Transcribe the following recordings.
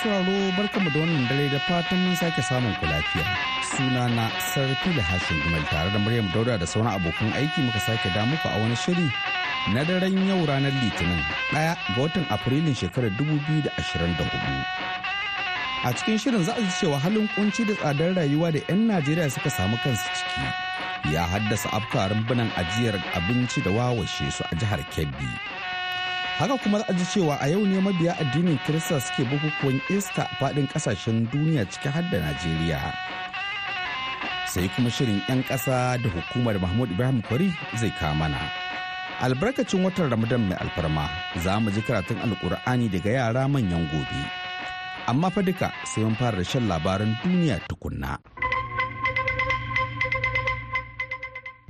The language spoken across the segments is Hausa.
masu sauraro barkamu da wannan dare da fatan mun sake samun ku lafiya. Suna na Sarfi da Hashin Gumal tare da Maryam Dauda da sauran abokan aiki muka sake da muku a wani shiri na daren yau ranar Litinin ɗaya ga watan Afrilun shekarar 2024. A cikin shirin za a ji cewa halin kunci da tsadar rayuwa da 'yan Najeriya suka samu kansu ciki ya haddasa afka rumbunan ajiyar abinci da wawashe su a jihar Kebbi. haka kuma za a ji cewa a yau ne mabiya addinin kirista suke bukukuwan ista a faɗin ƙasashen duniya ciki har da najeriya sai kuma shirin 'yan ƙasa da hukumar mahmud ibrahim kwari zai mana. albarkacin watan ramadan mai alfarma za mu ji karatun alkur'ani daga yara manyan gobe amma fa duka sai mun fara shan labaran duniya tukunna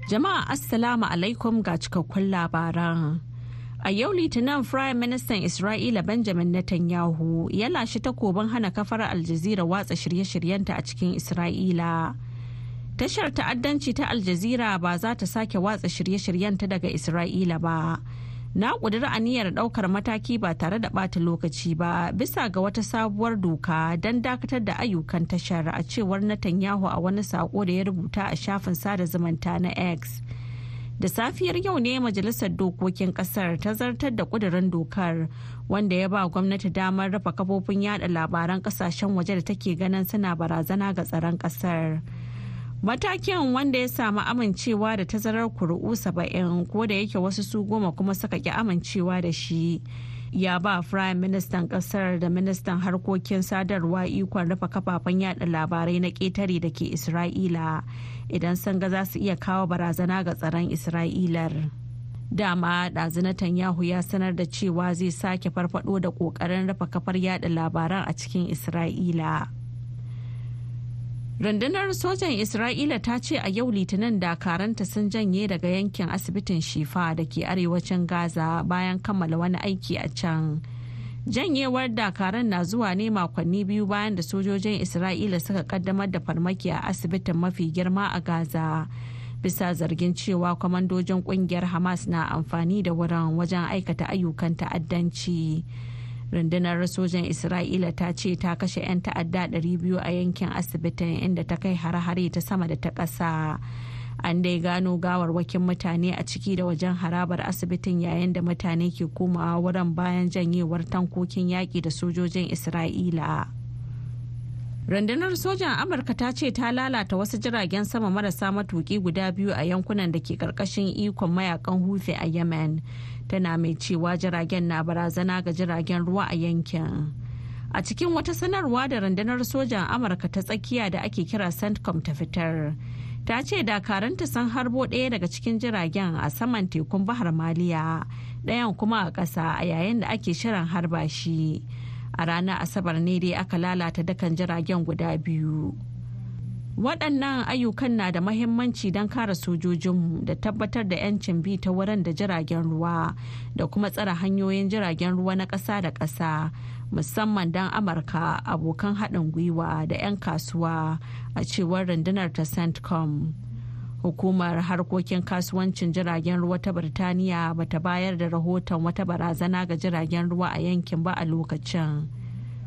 jama'a assalamu alaikum ga cikakkun labaran A yau Litinin Firayim Ministan Isra'ila Benjamin Netanyahu ya lashe takobin hana kafar Aljazira watsa shirye-shiryenta a cikin Isra'ila. Tashar ta'addanci ta Aljazira ba za ta sake watsa shirye-shiryenta daga Isra'ila ba. Na ƙudiri aniyar ɗaukar mataki ba tare da ɓata lokaci ba bisa ga wata sabuwar doka don dakatar da ayyukan tashar a cewar Netanyahu a wani saƙo da ya rubuta a shafin sada zumunta na X. da safiyar yau ne majalisar dokokin kasar ta zartar da kudirin dokar wanda ya ba gwamnati damar rafa kafofin yada labaran kasashen waje da take ganin suna barazana ga tsaron kasar matakin wanda ya samu amincewa da tazarar kuri'u saba'in ko da yake wasu su goma kuma suka ki amincewa da shi ya ba firayim ministan kasar da ministan harkokin sadarwa ikon rufe kafafen yada labarai na ƙetare da ke isra'ila idan sun ga za su iya kawo barazana ga tsaron isra'ilar dama ɗazinatan yahu ya sanar da cewa zai sake farfado da ƙoƙarin rufe kafar yada labaran a cikin isra'ila rundunar sojan isra'ila ta ce a yau litinin dakaranta sun janye daga yankin asibitin shifa da ke arewacin gaza bayan kammala wani aiki a can. janyewar dakaran na zuwa ne makonni biyu bayan da sojojin isra'ila suka kaddamar da farmaki a asibitin mafi girma a gaza bisa zargin cewa kwamandojin kungiyar hamas na amfani da wurin wajen aikata ayyukan ta'addanci rundunar sojan isra'ila ta ce ta kashe 'yan ta'adda 200 a yankin asibitin inda ta kai hare-hare ta sama da ta ƙasa. an dai gano gawarwakin mutane a ciki da wajen harabar asibitin yayin da mutane ke komawa wurin bayan janyewar tankokin yaƙi da sojojin isra'ila rundunar sojan amurka ta ce ta lalata wasu jiragen sama marasa matuki guda biyu a yankunan da ke ƙarƙashin ikon mayakan hufe a yemen tana mai cewa jiragen na barazana ga jiragen ruwa a yankin a cikin wata sanarwa da rundunar sojan amurka ta tsakiya da ake kira centcom ta fitar ta ce dakaranta sun harbo ɗaya daga cikin jiragen a saman tekun bahar maliya ɗayan kuma a ƙasa a yayin da ake shirin harba shi a ranar asabar ne dai aka lalata dakan jiragen guda biyu waɗannan ayyukan na da mahimmanci don kare sojojinmu da tabbatar da 'yancin bi ta wurin da jiragen ruwa da kuma tsare hanyoyin jiragen ruwa na ƙasa da ƙasa musamman don amurka abokan haɗin gwiwa da 'yan kasuwa a cewar rundunar ta centcom hukumar harkokin kasuwancin jiragen ruwa ta birtaniya bata bayar da rahoton wata barazana ga jiragen ruwa a yankin ba a lokacin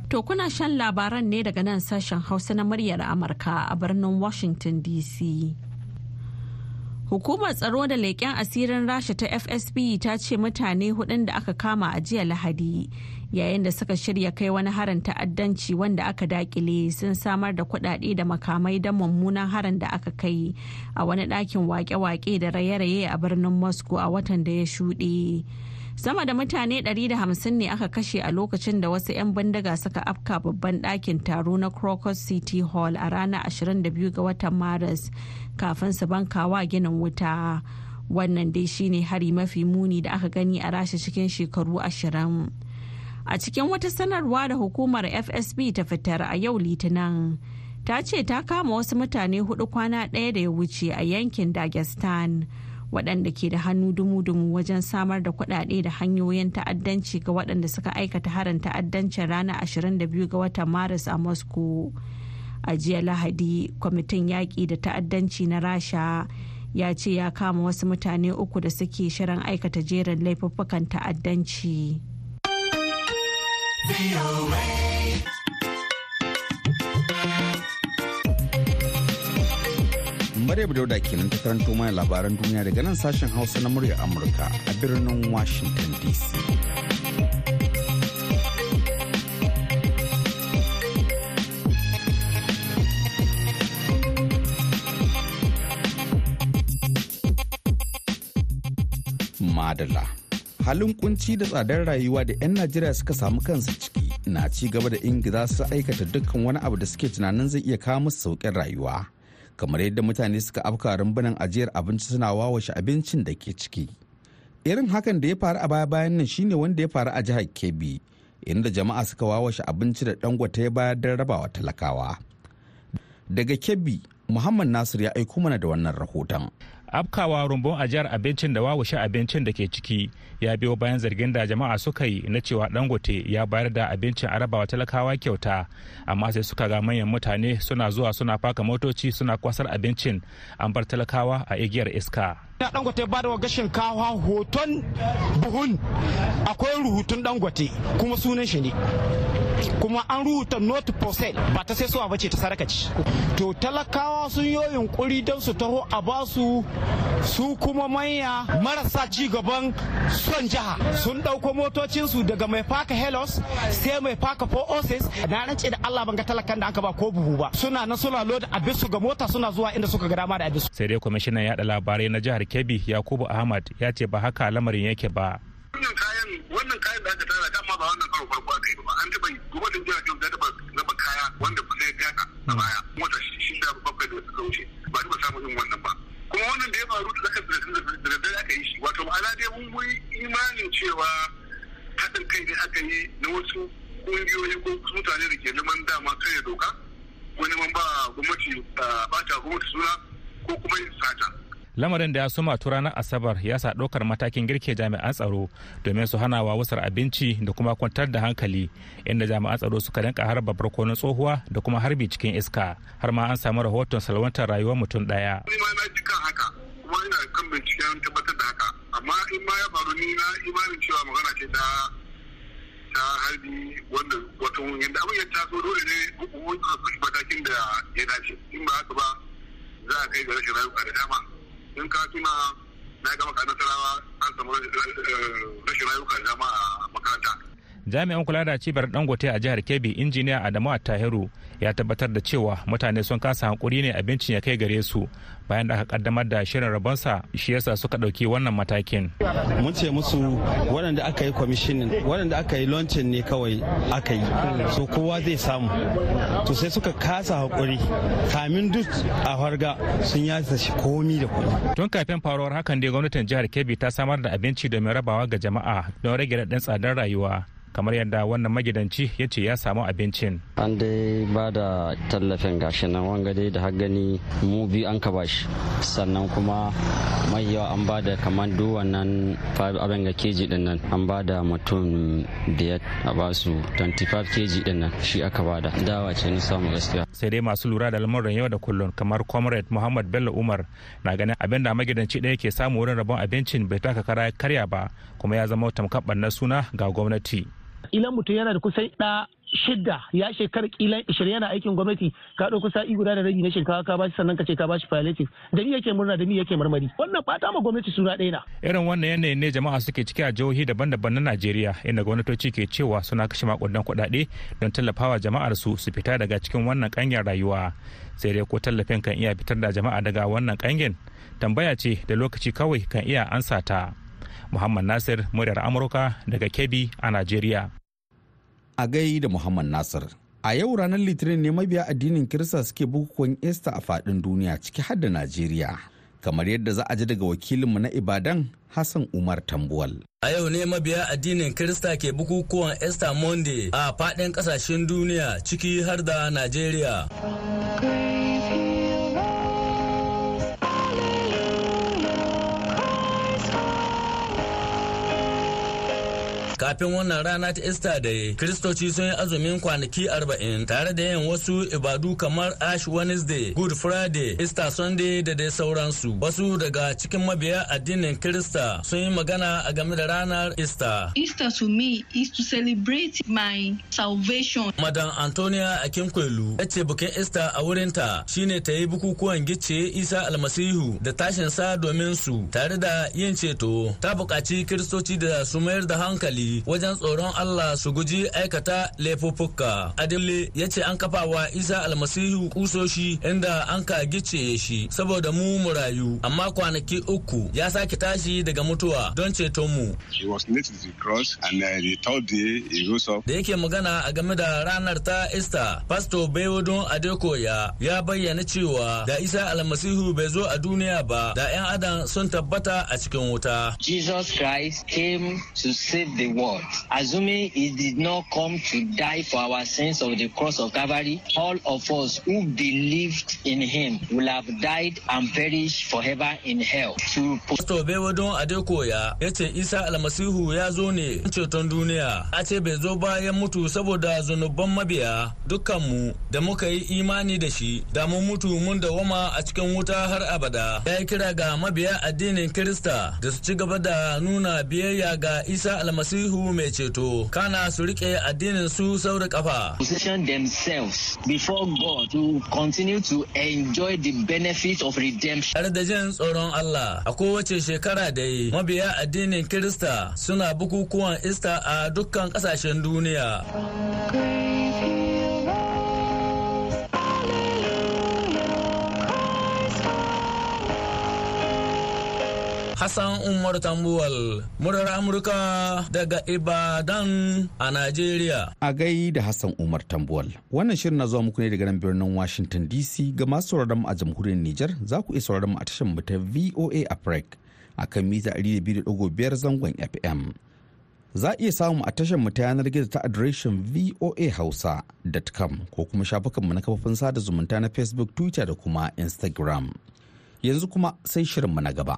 to kuna shan labaran ne daga nan sashen hausa na muryar amurka a birnin washington dc Hukumar tsaro da leƙen asirin Rasha ta FSB ta ce mutane hudun da aka kama a jiya Lahadi yayin da suka shirya kai wani harin ta'addanci wanda aka dakile sun samar da kudade da makamai don mummunan harin da aka kai a wani ɗakin wake-wake da raye-raye a birnin Moscow a watan da ya shuɗe. sama da mutane 150 ne aka kashe a lokacin da wasu 'yan bindiga suka afka babban ɗakin taro na crocus city hall a ranar 22 ga watan maris kafin su bankawa ginin wuta wannan dai shine hari mafi muni da aka gani a rasha cikin shekaru ashirin a cikin wata sanarwa da hukumar fsb ta fitar a yau litinin ta ce ta kama wasu mutane hudu kwana ɗaya da ya wuce a yankin dagestan waɗanda ke da hannu dumu-dumu wajen samar da kuɗaɗe da hanyoyin ta'addanci ga waɗanda suka aikata harin ta'addancin ranar 22 ga watan maris a moscow a jiya lahadi kwamitin yaƙi da ta'addanci na rasha ya ce ya kama wasu mutane uku da suke shirin aikata jerin laifuffukan ta'addanci. Maryam Dauda kenan ta karanto mana labaran duniya daga nan sashen Hausa na muryar Amurka a birnin Washington DC. Madala. Halin kunci da tsadar rayuwa da 'yan Najeriya suka samu kansu ciki na ci gaba da ingiza su aikata dukkan wani abu da suke tunanin zai iya kawo musu sauƙin rayuwa. kamar yadda mutane suka afka rumbunan ajiyar abinci suna wawashe abincin da ke ciki irin hakan da ya faru a baya bayan nan shine wanda ya faru a jihar kebbi inda jama'a suka wawashe abinci da dangwata ya bayar don rabawa talakawa daga kebbi muhammad nasir ya aiko mana da wannan rahoton afkawa rumbun ajiyar abincin da wawushe abincin da ke ciki ya biyo bayan zargin da jama'a suka yi na cewa dangote ya bayar da abincin arabawa talakawa kyauta amma sai suka ga manyan mutane suna zuwa suna faka motoci suna kwasar abincin an bar talakawa a igiyar iska na dangote ba da wa gashin shinkawa hoton buhun akwai rubutun dangote kuma sunan shi ne kuma an rubuta not for sale ba ta sai suwa bace ta ci. to talakawa sun yi yunkuri don su taho a basu su kuma manya marasa ci gaban son jiha sun ɗauko motocinsu daga mai faka helos sai mai faka for oasis na rance da allah ban talakan da aka ba ko buhu ba suna na suna a abisu ga mota suna zuwa inda suka ga dama da abisu sai dai kwamishinan yaɗa labarai na jihar kebbi yakubu ahmad ya ce ba haka lamarin yake ba ba wannan karo farko aka yi ba an taɓa yi gwamnatin jira Jos ta taɓa kaya wanda kusa ya gata na baya ta shi da babban da suka wuce ba taɓa samu yin wannan ba kuma wannan da ya faru da aka da daddare aka yi shi wato ma'ana dai mun yi imanin cewa haɗin kai ne aka yi na wasu ƙungiyoyi ko mutane da ke neman dama kare doka ko neman ba gwamnati ah, ba ta gwamnati suna ko kuma yin sata lamarin da ya suma tura na asabar ya sa ɗaukar matakin girke jami'an tsaro domin su hana wa wasar abinci da kuma kwantar da hankali inda jami'an tsaro suka danka harba barkonon tsohuwa da kuma harbi cikin iska har ma an samu rahoton salwantar rayuwar mutum ɗaya. kuma ina kan binciken tabbatar da haka amma in ma ya faru ni na imanin cewa magana ce ta ta harbi wanda yadda abin ya taso dole ne hukumar matakin da ya dace in ba haka ba za a kai ga rashin rayuka da dama in ka tuna na gama ka an samu rashin rayuka dama a makaranta jami'an kula da cibiyar dangote a jihar kebbi injiniya adamu attahiru ya tabbatar da cewa mutane sun kasa hankuri ne abincin ya kai gare su bayan da aka kaddamar da shirin rabonsa shi yasa suka dauki wannan matakin mun ce musu waɗanda aka yi kwamishinin waɗanda aka yi launching ne kawai aka yi so kowa zai samu to sai suka kasa hakuri kamin duk a harga sun yasa shi komi da komi tun kafin faruwar hakan dai gwamnatin jihar kebbi ta samar da abinci domin rabawa ga jama'a don rage daɗin tsadar rayuwa kamar yadda wannan magidanci ya ce ya samu abincin an dai ba da tallafin gashi nan wanga dai da har mu biyu an kaba shi sannan kuma mai yawa an ba da kamar duk wannan abin ga keji din nan an ba da mutum biyar a ba su 25 keji din nan shi aka ba da dawa ce ni samu gaskiya sai dai masu lura da lamarin yau da kullum kamar comrade muhammad bello umar na ganin abin da magidanci ɗaya ke samu wurin rabon abincin bai taka kara karya ba kuma ya zama tamkar na suna ga gwamnati kila mutum yana da kusan ɗa shidda ya shekara kila ishirin yana aikin gwamnati ka ɗauko sa'i guda da rabi na shekara ka bashi sannan ka ce ka bashi palliative da ni yake murna da ni yake marmari wannan fata ma gwamnati suna ɗaya na. irin wannan yanayin ne jama'a suke ciki a jihohi daban-daban na najeriya inda gwamnatoci ke cewa suna kashe makudan kuɗaɗe don tallafawa jama'ar su su fita daga cikin wannan ƙangin rayuwa sai dai ko tallafin kan iya fitar da jama'a daga wannan ƙangin tambaya ce da lokaci kawai kan iya ansa ta. Muhammad Nasir, muryar Amurka daga Kebbi a Najeriya. a gai da Muhammad Nasir. A yau ranar Litinin ne mabiya addinin Kirista suke bukukuwan Esta a faɗin duniya ciki har da Najeriya. Kamar yadda za a ji daga wakilinmu na Ibadan Hassan Umar Tambuwal. A yau ne mabiya addinin Kirista ke bukukuwan Esta Monday a faɗin kasashen duniya ciki har da Najeriya. kafin wannan rana ta ista da kiristoci sun yi azumin kwanaki arba'in tare da yin wasu ibadu kamar ash wednesday good friday easter sunday da dai sauransu wasu daga cikin mabiya addinin kirista sun yi magana a game da ranar easter easter to me is to celebrate my salvation madam antonia akinkwelu ya ce bukin easter a wurinta shine ta yi bukukuwan gice isa almasihu da tashin sa domin su tare da yin ceto ta bukaci kiristoci da su mayar da hankali wajen tsoron Allah su guji aikata laifuffuka. Adele ya ce an kafa wa Isa almasihu kusoshi inda an ka gice shi saboda mu mu rayu amma kwanaki uku ya sake tashi daga mutuwa don ceton mu. Uh, da yake magana a game da ranar ta Ista, Pasto Baiwadon Adekoya ya bayyana cewa da Isa almasihu bai zo a duniya ba da 'yan adam sun tabbata a cikin wuta. Jesus Christ came to save the world. Assuming he did not come to die for our sins of the cross of Calvary, all of us who believed in him will have died and perished forever in hell. Pastor Bewodon Adekoya ya ce Isa almasihu ya zo ne ceton duniya. A ce bai zo ba ya mutu saboda zunuban mabiya dukkanmu da muka yi imani da shi da mu mutu mun wama a cikin wuta har abada. Ya yi kira ga mabiya addinin Kirista da su ci gaba da nuna biyayya ga Isa almasihu almasihu mai ceto kana su rike addinin su saura kafa position themselves before god to continue to enjoy the benefit of redemption har da jin tsoron Allah a kowace shekara da yi mabiya addinin kirista suna bukukuwan ista a dukkan kasashen duniya Hassan Umar Tambuwal, murar Amurka daga Ibadan a Najeriya. A gai da Hassan Umar Tambuwal, wannan shirin na zuwa muku ne daga nan birnin Washington DC ga masu sauraron mu a jamhuriyar Nijar za ku iya sauraron mu a tashar mu ta VOA Africa a kan mita biyar zangon FM. Za a iya samu a tashar mu ta yanar gizo ta adireshin voahausa.com ko kuma shafukanmu na kafafin sada zumunta na Facebook, Twitter da kuma Instagram. Yanzu kuma sai shirinmu na gaba.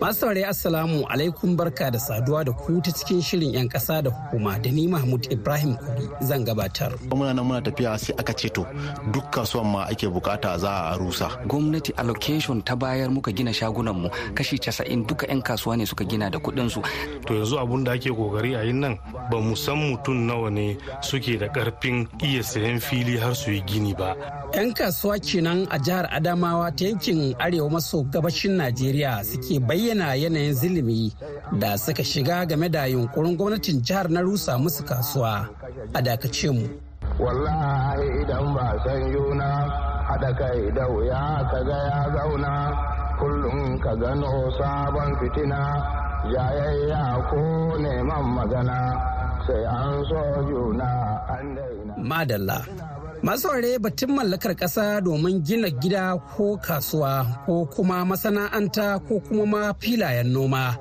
Masaure Assalamu alaikum barka da saduwa da ku ta cikin shirin 'yan ƙasa da hukuma da ni Mahmud Ibrahim Kuri zan gabatar. Muna nan muna tafiya sai aka ce to duk kasuwan ma ake bukata za a rusa. Gwamnati allocation ta bayar muka gina shagunan mu kashi casa'in duka 'yan kasuwa ne suka gina da kuɗin su. To yanzu abun da ake kokari a yin nan ba mu san mutum nawa ne suke da karfin iya sayan fili har su yi gini ba. 'Yan kasuwa kenan a jihar Adamawa ta yankin Arewa arewa maso gabashin najeriya suke bayyana yanayin zilimi da suka shiga game da yunkurin gwamnatin jihar na rusa musu kasuwa a dakace mu wallahi idan ba san yuna haɗa kai da wuya ka ga ya zauna kullum ka gano sabon fitina jayayya ko neman magana sai an so juna an daina madalla masu ware batun mallakar ƙasa domin gina gida ko kasuwa ko kuma masana'anta ko kuma ma filayen noma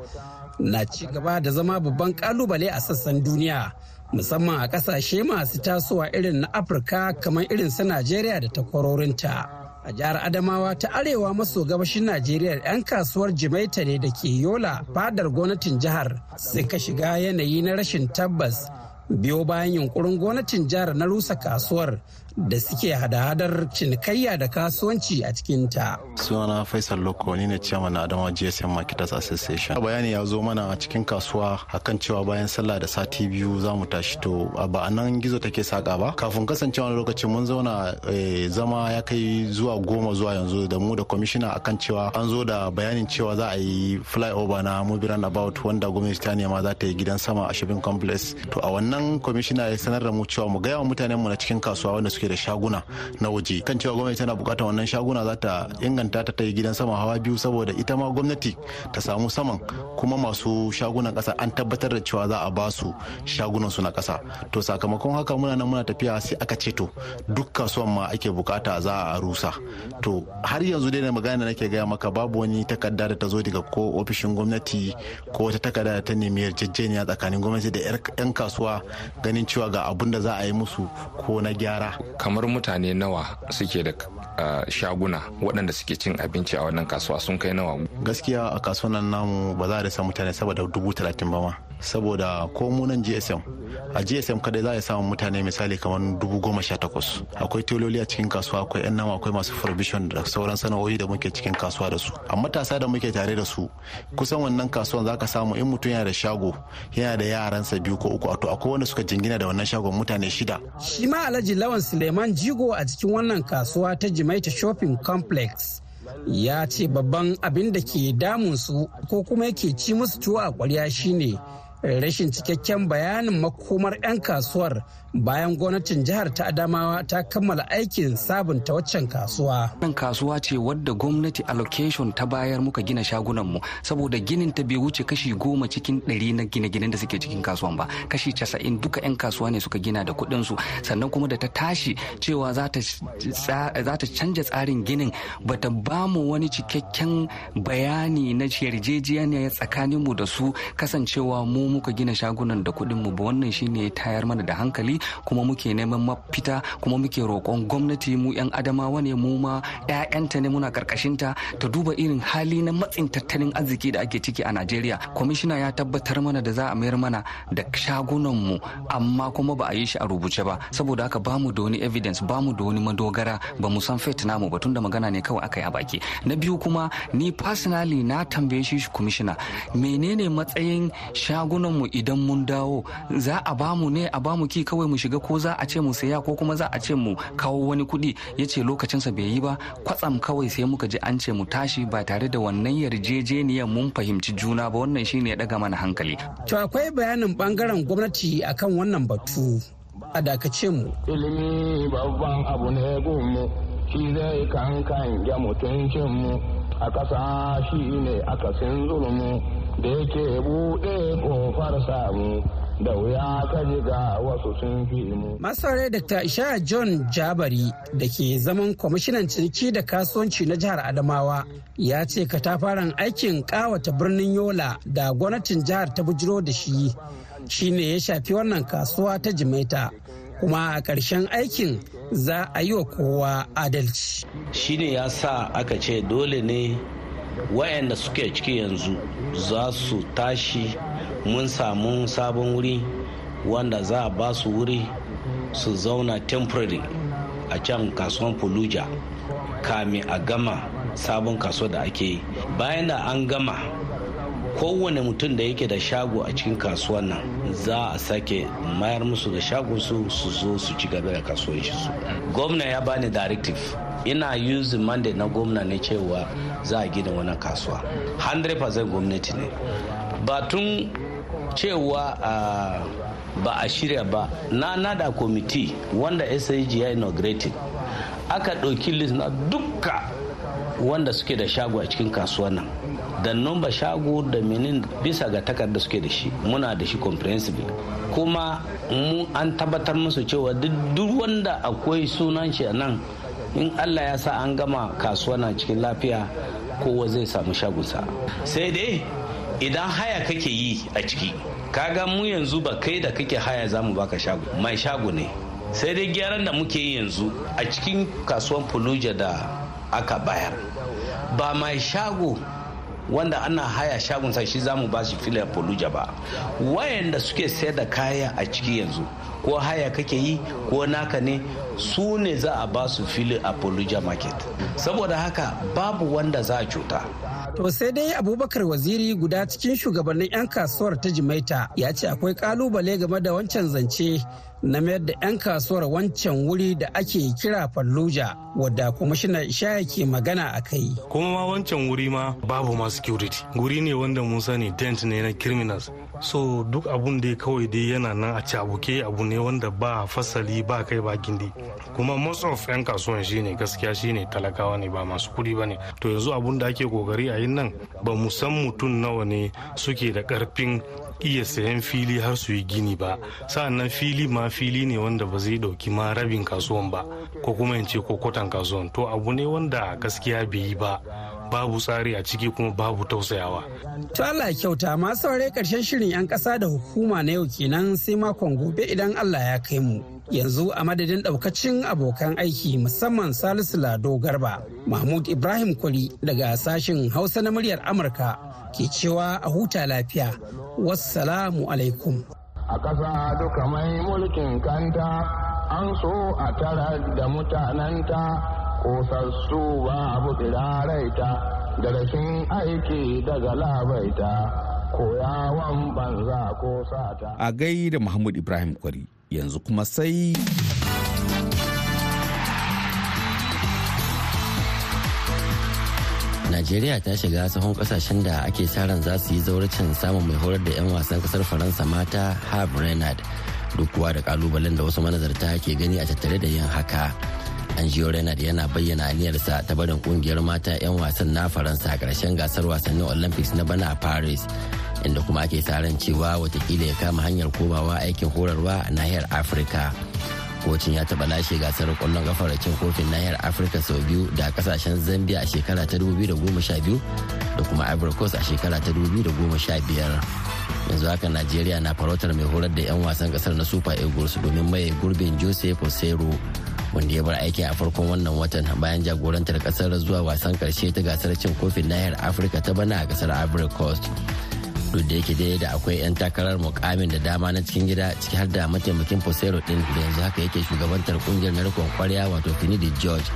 na ci gaba da zama babban kalubale a sassan duniya musamman a ƙasashe masu tasowa irin na afirka kamar irin su najeriya da takwarorinta. a jihar adamawa ta arewa maso gabashin najeriya 'yan kasuwar jimaita ne da ke yola fadar gwamnatin jihar suka shiga yanayi na rashin tabbas biyo bayan yunkurin gwamnatin jihar na rusa kasuwar da suke hada-hadar cinikayya da kasuwanci a cikinta. Suna Faisal Loko ni ne adama na Adamawa GSM Marketers Association. Bayani ya zo mana a cikin kasuwa akan cewa bayan sallah da sati biyu za mu tashi to ba a nan gizo take saka ba. Kafin kasancewa a lokacin mun zauna eh, zama ya kai zuwa goma zuwa yanzu da mu da kwamishina akan cewa an zo da bayanin cewa za a yi flyover na Mubiran About wanda gwamnati ta nema za ta yi gidan sama a Shopping Complex. To a wannan kwamishina ya sanar da mu cewa mu gaya wa mutanenmu na cikin kasuwa wanda suke suke da shaguna na waje kan cewa gwamnati tana bukatar wannan shaguna za ta inganta ta ta yi gidan sama hawa biyu saboda ita ma gwamnati ta samu saman kuma masu shagunan kasa an tabbatar da cewa za a ba su shagunan su na kasa to sakamakon haka muna nan muna tafiya sai aka ce to duk kasuwan ma ake bukata za a rusa to har yanzu dai na magana da nake gaya maka babu wani takarda da ta zo daga ko ofishin gwamnati ko wata takarda da ta nemi yarjejeniya tsakanin gwamnati da 'yan kasuwa ganin cewa ga abun da za a yi musu ko na gyara kamar mutane nawa suke da shaguna waɗanda suke cin abinci a wannan kasuwa sun kai nawa gaskiya a kasuwan namu ba za a rasa mutane saboda dubu talatin ba ma saboda ko munan gsm a gsm kadai za a samu mutane misali kamar dubu goma sha takwas akwai teloli a cikin kasuwa akwai yan nama akwai masu provision da sauran sana'o'i da muke cikin kasuwa da su a matasa da muke tare da su kusan wannan kasuwan za ka samu in mutum yana da shago yana da yaransa biyu ko uku to akwai wanda suka jingina da wannan shagon mutane shida shi ma alhaji lawan suleiman jigo a cikin wannan kasuwa ta jimaita shopping complex ya ce babban abin da ke damun su ko kuma yake ci musu tuwo a kwarya shine rashin cikakken bayanin makomar 'yan kasuwar bayan gwamnatin jihar ta adamawa ta kammala aikin sabunta waccan kasuwa. Wannan kasuwa ce wadda gwamnati allocation ta bayar muka gina shagunan mu saboda ginin ta bai wuce kashi goma cikin ɗari na gine-ginen da suke cikin kasuwan ba kashi casa'in duka 'yan kasuwa ne suka gina da kuɗinsu sannan kuma da ta tashi cewa za ta canja tsarin ginin ba ta ba mu wani cikakken bayani na yarjejeniya tsakaninmu da su kasancewa mu muka gina shagunan da kuɗin mu ba wannan shine ya tayar mana da hankali kuma muke neman mafita kuma muke roƙon gwamnati mu yan adamawa ne mu ma ƴaƴanta ne muna karkashin ta ta duba irin hali na matsin tattalin arziki da ake ciki a Najeriya kwamishina ya tabbatar mana da za a mayar mana da shagunan mu amma kuma ba a yi shi a rubuce ba saboda haka ba mu da wani evidence ba mu da wani madogara ba mu san fate namu ba tunda magana ne kawai aka yi a baki na biyu kuma ni personally na tambaye shi kwamishina menene matsayin shagunan mu idan mun dawo za a bamu ne a bamu ki kawai mu shiga ko za a ce mu saya ko kuma za a ce mu kawo wani kudi ya ce lokacinsa bai yi ba kwatsam kawai sai muka ji an ce mu tashi ba tare da wannan yarjejeniyar mun fahimci juna ba wannan shine ya daga mana hankali. To akwai bayanin bangaren gwamnati akan wannan batu a dakace mu. Ilimi babban abu ne gumu shi zai kankan ya mutuncin mu a ƙasa shi ne akasin zulmu da yake buɗe ƙofar samu da wuya ka ji ga wasu sun fi mu. Masarai Dr. Isha John Jabari da ke zaman kwamishinan ciniki da kasuwanci na jihar Adamawa ya ce katafaren aikin kawata birnin Yola da gwamnatin jihar ta bujiro da shi shine ya shafi wannan kasuwa ta Jimaita. kuma a ƙarshen aikin za a yi wa kowa adalci. Shi ne ya sa aka ce dole ne wayanda suke ciki yanzu za su tashi mun samu sabon wuri wanda za a ba su wuri su zauna temporary a can kasuwan fuluja kame a gama sabon kaso da ake yi bayan da an gama kowane mutum da yake da shago a cikin kasuwan nan za a sake mayar musu da shago su su zo su ci gaba da kasuwanci su gwamna ya bani directive ina yuzi mande na gwamna ne cewa za a gina wani kasuwa 100% gwamnati ne batun cewa ah, ba a shirya ba na nada komiti wanda sag ya inaugurated aka ɗauki list na dukka wanda suke da shago a cikin kasuwa nan da number shago da menin bisa ga takarda suke da shi muna da shi comprehensive kuma an tabbatar musu cewa duk wanda akwai sunan shi nan in allah ya sa an gama kasuwa na cikin lafiya kowa zai samu shagunsa sai dai idan haya kake yi a ciki kaga mu yanzu ba kai da kake haya zamu mu baka shago mai shago ne sai dai gyaran da muke yi yanzu a cikin kasuwan fuluja da aka bayar ba mai shago wanda ana haya shagunsa shi za mu ba shi filar fallujah ba wayanda suke sayar da kaya a ciki yanzu ko haya kake yi ko naka ne su ne za a ba su fili a fallujah market saboda haka babu wanda za a cuta To sai dai Abubakar Waziri guda cikin shugabannin 'yan kasuwar ta Jimaita ya ce akwai kalubale game da wancan zance na mayar da 'yan kasuwar wancan wuri da ake kira Fallujah wadda kumashina Ishaya ke magana a kai. Kuma ma wancan wuri ma babu ma security. Guri ne wanda mun sani tent ne na criminals. So duk abun da kawai dai yana nan a cabuke abu ne wanda ba fasali ba kai ba gindi. Kuma most of 'yan kasuwan shi ne gaskiya shi ne talakawa ne ba masu kuɗi ba ne. To yanzu abun da ake kokari a yin nan ba mu san mutum nawa ne suke da karfin iya sayan fili har su yi gini ba. Sa'annan fili ma fili ne wanda ba zai ɗauki ma rabin kasuwan ba ko kuma in ce ko kwatan kasuwan to abu ne wanda gaskiya bai yi ba babu tsari a ciki kuma babu tausayawa. To Allah ya kyauta ma saurayi karshen shirin 'yan ƙasa da hukuma na yau kenan sai makon gobe idan Allah ya kai mu. Yanzu a madadin ɗaukacin abokan aiki musamman Salisu Lado Garba, Mahmud Ibrahim Kwari daga sashen Hausa na muryar Amurka ke cewa a huta lafiya. Wassalamu alaikum. a ƙasa duka mai mulkin kanta an so a tara da mutananta kosassu ba abu tsiraraita da rashin aiki daga labaita koyawan banza ko sata. A gaida da Muhammad Ibrahim Kwari yanzu kuma sai. najeriya ta shiga sahun kasashen da ake ran za su yi zauracin samun mai horar da 'yan wasan kasar faransa mata hab renard duk kuwa da kalubalen da wasu manazarta ke gani a tattare da yin haka an jiyo renard yana bayyana aniyarsa ta barin kungiyar mata 'yan wasan na faransa a karshen gasar wasannin olympics na bana a paris inda kuma ake ran cewa watakila ya kama hanyar komawa aikin horarwa a nahiyar afirka kocin ya taɓa lashe gasar kwallon kafar cin kofin nahiyar afirka sau biyu da kasashen zambia a shekara ta 2012 da kuma ivory coast a shekara ta 2015 yanzu haka najeriya na farautar mai horar da 'yan wasan kasar na super eagles domin maye gurbin jose posero wanda ya bar aiki a farkon wannan watan bayan jagorantar kasar zuwa wasan karshe ta gasar cin kofin nahiyar afirka ta bana a kasar ivory coast duk da yake dai da akwai 'yan takarar mukamin da dama na cikin gida ciki har da mataimakin posero din da yanzu haka yake shugabantar kungiyar narkon kwarya wato da george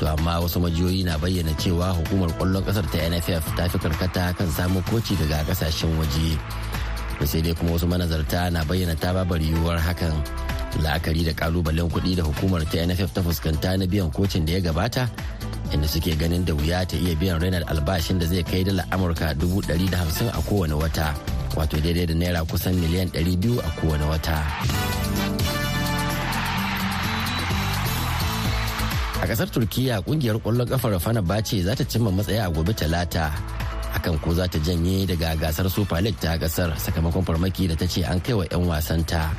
to amma wasu majiyoyi na bayyana cewa hukumar kwallon kasar ta nff ta fi karkata kan samun koci daga kasashen waje da sai dai kuma wasu manazarta na bayyana ta babar yiwuwar hakan la'akari da kalubalen kuɗi da hukumar ta nff ta fuskanta na biyan kocin da ya gabata inda suke ganin da wuya ta iya biyan renar albashin da zai kai dala amurka 150 a kowane wata wato daidai da naira kusan miliyan 200 a kowane wata a kasar turkiya kungiyar kwallon kafar fana bace za ta cimma matsaya a gobe talata akan ko za ta janye daga gasar super league ta kasar sakamakon farmaki da ta ce an kai wa 'yan wasan ta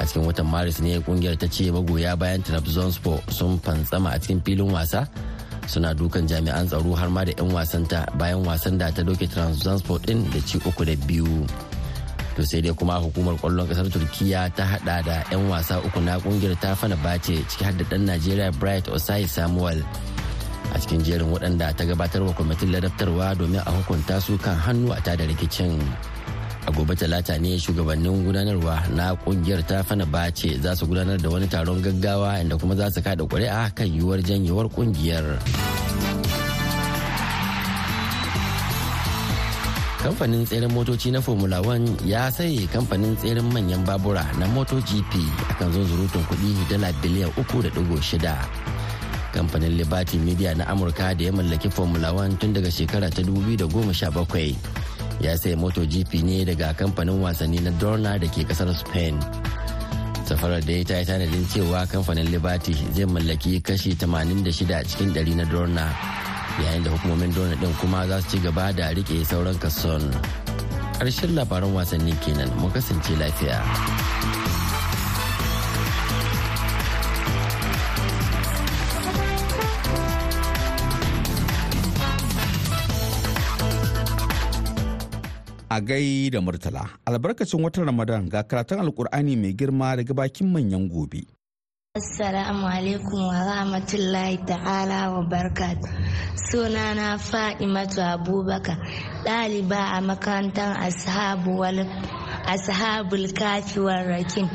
a cikin watan maris ne kungiyar ta ce magoya bayan trabzonspor sun fantsama a cikin filin wasa suna dukan jami'an tsaro har ma da 'yan wasanta bayan wasan da ta doke transport din da ci uku da biyu to sai dai kuma hukumar kwallon kasar turkiya ta hada da 'yan wasa uku na kungiyar ta fana bace ciki har da dan najeriya bright osai samuel a cikin jerin waɗanda ta gabatar wa kwamitin ladabtarwa domin a hukunta su kan hannu a tada rikicin a gobe talata ne shugabannin gudanarwa na kungiyar ta fana bace za su gudanar da wani taron gaggawa inda kuma za su kada kuri'a kan yiwuwar janyewar kungiyar kamfanin tseren motoci na formula 1 ya saye kamfanin tseren manyan babura na motogp akan zunzurutun kudi dala biliyan 3.6 kamfanin liberty media na amurka da ya mallaki formula 1 tun daga shekara ta 2017 ya sai moto gp ne daga kamfanin wasanni na dorna da ke kasar spain safarar da ya ta yi tanadin cewa kamfanin liberty zai mallaki kashi 86 cikin 100 na dorna yayin da hukumomin dorna din kuma za su ci gaba da rike sauran kason ƙarshen labaran wasanni kenan mu kasance lafiya. a gai da murtala albarkacin watan ramadan ga karatun alkur'ani mai girma daga bakin manyan gobe assalamu alaikum wa rahmatullahi ta'ala wa barkat suna na fa'imatu abubakar ɗaliba a makarantar ashabul kafiwar rakin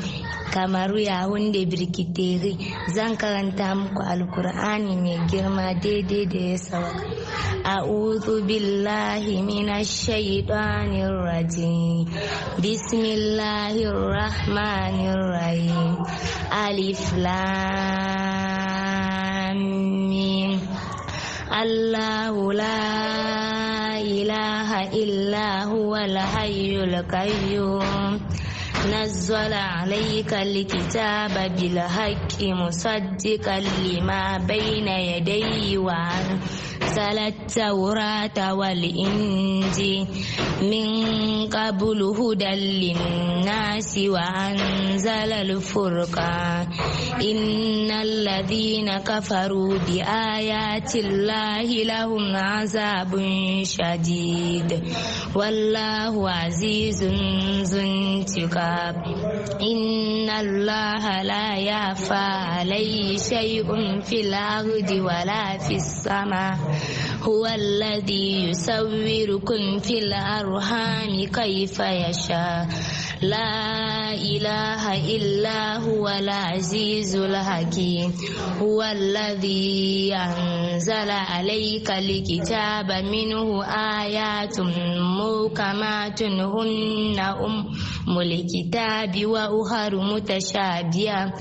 kamaru ya hunde birkiteri zan karanta muku alkur'ani mai girma daidai da ya sauka a'udhu billahi minash shaitanir rajim bismillahir rahmanir rahim alif lam mim allahu la ilaha illa huwal hayyul نزل عليك الكتاب بالحق مصدقا لما بين يديه وعنه أنزل التوراة والإنجيل من قبل هدى للناس وأنزل الفرقان إن الذين كفروا بآيات الله لهم عذاب شديد والله عزيز ذو انتقام إن الله لا يعفى عليه شيء في الأرض ولا في السماء huwallazi yasa wiruka arhami aruhame kaifa ya sha. La ilaha illa wani azizu haki. Waladi anzala alaikali kitaba min huaya tun mu kamata nuna mulukitabi wa uharu mutu ta sha biya.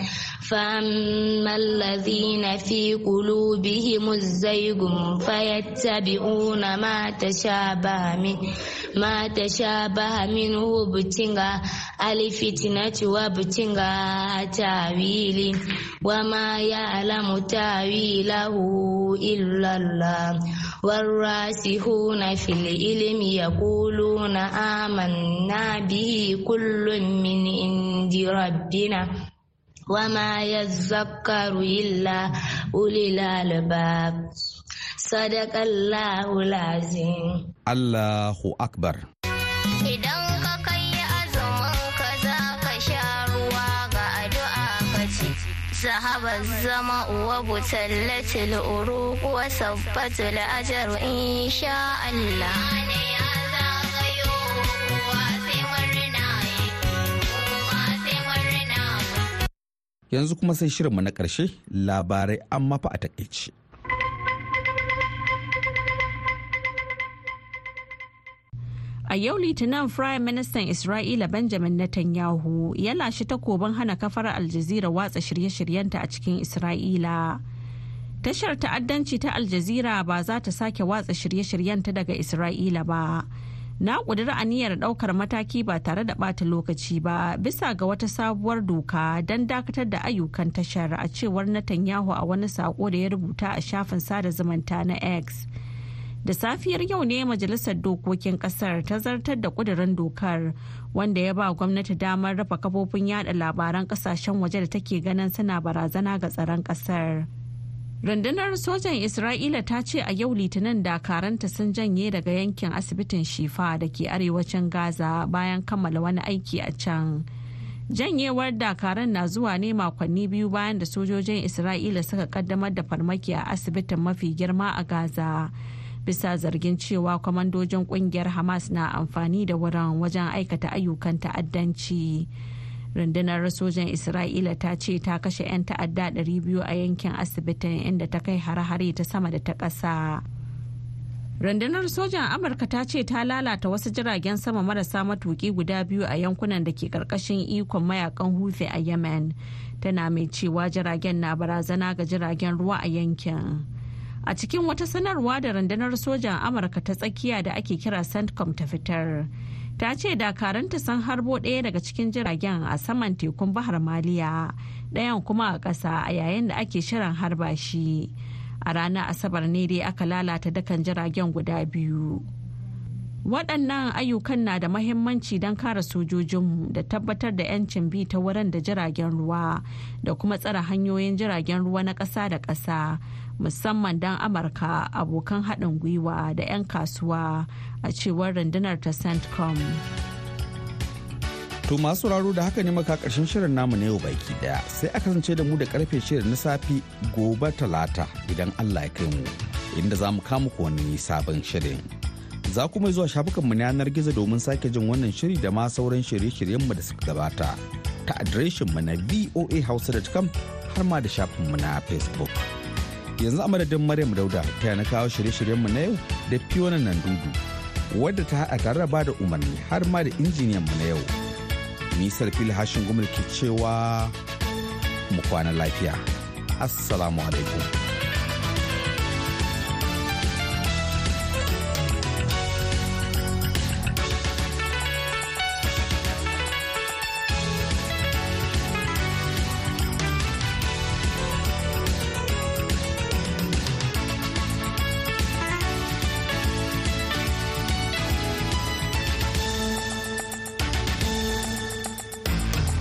فأما الذين في قلوبهم الزيغ فيتبعون ما تشابه منه ما تشابه منه ابتغاء الفتنة وابتغاء تاويله وما يعلم تاويله إلا الله والراسخون في العلم يقولون آمنا به كل من عند ربنا wama ya zakaru illa ulil albab sadaqallahu lazim allahu akbar idan ka kai azumin za ka sha ruwa ga addu'a ka ci sahaba zama uwa butallatil uruq wa sabbatul ajr insha allah yanzu kuma sai shirinmu na ƙarshe labarai an mafa a takaice. A yau Litinin Prime Minister Isra'ila Benjamin Netanyahu ya lashe takobin hana kafar Aljazira watsa shirye-shiryenta a cikin Isra'ila. Tashar ta'addanci ta Aljazira ba za ta sake watsa shirye-shiryenta daga Isra'ila ba. na ƙudiri aniyar ɗaukar mataki ba tare da bata lokaci ba bisa ga wata sabuwar doka don dakatar da ayyukan tashar a cewar Netanyahu a wani saƙo da ya rubuta a shafin sada zumunta na X. Da safiyar yau ne majalisar dokokin kasar ta zartar da ƙudirin dokar wanda ya ba gwamnati damar rafa kafofin yada labaran kasashen waje da take ganin suna barazana ga tsaron kasar. rundunar sojan isra'ila ta ce a yau litinin dakaranta sun janye daga yankin asibitin shifa da ke arewacin gaza bayan kammala wani aiki a can janyewar dakaran na zuwa ne makonni biyu bayan da sojojin isra'ila suka kaddamar da farmaki a asibitin mafi girma a gaza bisa zargin cewa kwamandojin kungiyar hamas na amfani da wurin wajen aikata ayyukan ta'addanci. rundunar sojan isra'ila ta ce ta kashe 'yan ta'adda 200 a yankin asibitin inda ta kai hare-hare ta sama da ta ƙasa rundunar sojan amurka ta ce ta lalata wasu jiragen sama marasa matuki guda biyu a yankunan da ke karkashin ikon mayakan hufe a yemen tana mai cewa jiragen na barazana ga jiragen ruwa a yankin a cikin wata sanarwa da rundunar sojan amurka ta tsakiya da ake kira centcom ta fitar ta ce dakaranta sun harbo ɗaya daga cikin jiragen a saman tekun bahar maliya ɗayan kuma a ƙasa a yayin da ake shirin harba shi a ranar asabar ne dai aka lalata dakan jiragen guda biyu waɗannan ayyukan na da mahimmanci don kare sojojinmu da tabbatar da 'yancin bi ta wurin da jiragen ruwa da kuma tsare hanyoyin jiragen ruwa na ƙasa da ƙasa musamman don amurka abokan haɗin gwiwa da 'yan kasuwa a cewar rundunar ta centcom to masu sauraro da haka ne maka karshen shirin namu na yau baki daya sai a kasance da mu da karfe shirin na safi gobe talata idan allah ya kai mu inda za mu kama ku wani sabon shirin za kuma zuwa shafukanmu na yanar gizo domin sake jin wannan shiri da ma sauran shirye-shiryenmu da suka gabata ta mu na voahausa.com har ma da shafinmu na facebook yanzu a madadin maryam dauda ta yana kawo shirye shiryen mu na yau da fiona nan dudu wadda ta haɗa tare da bada umarni har ma da injiniyan mu na yau nisar fil hashin gumul ke cewa mu kwana lafiya assalamu alaikum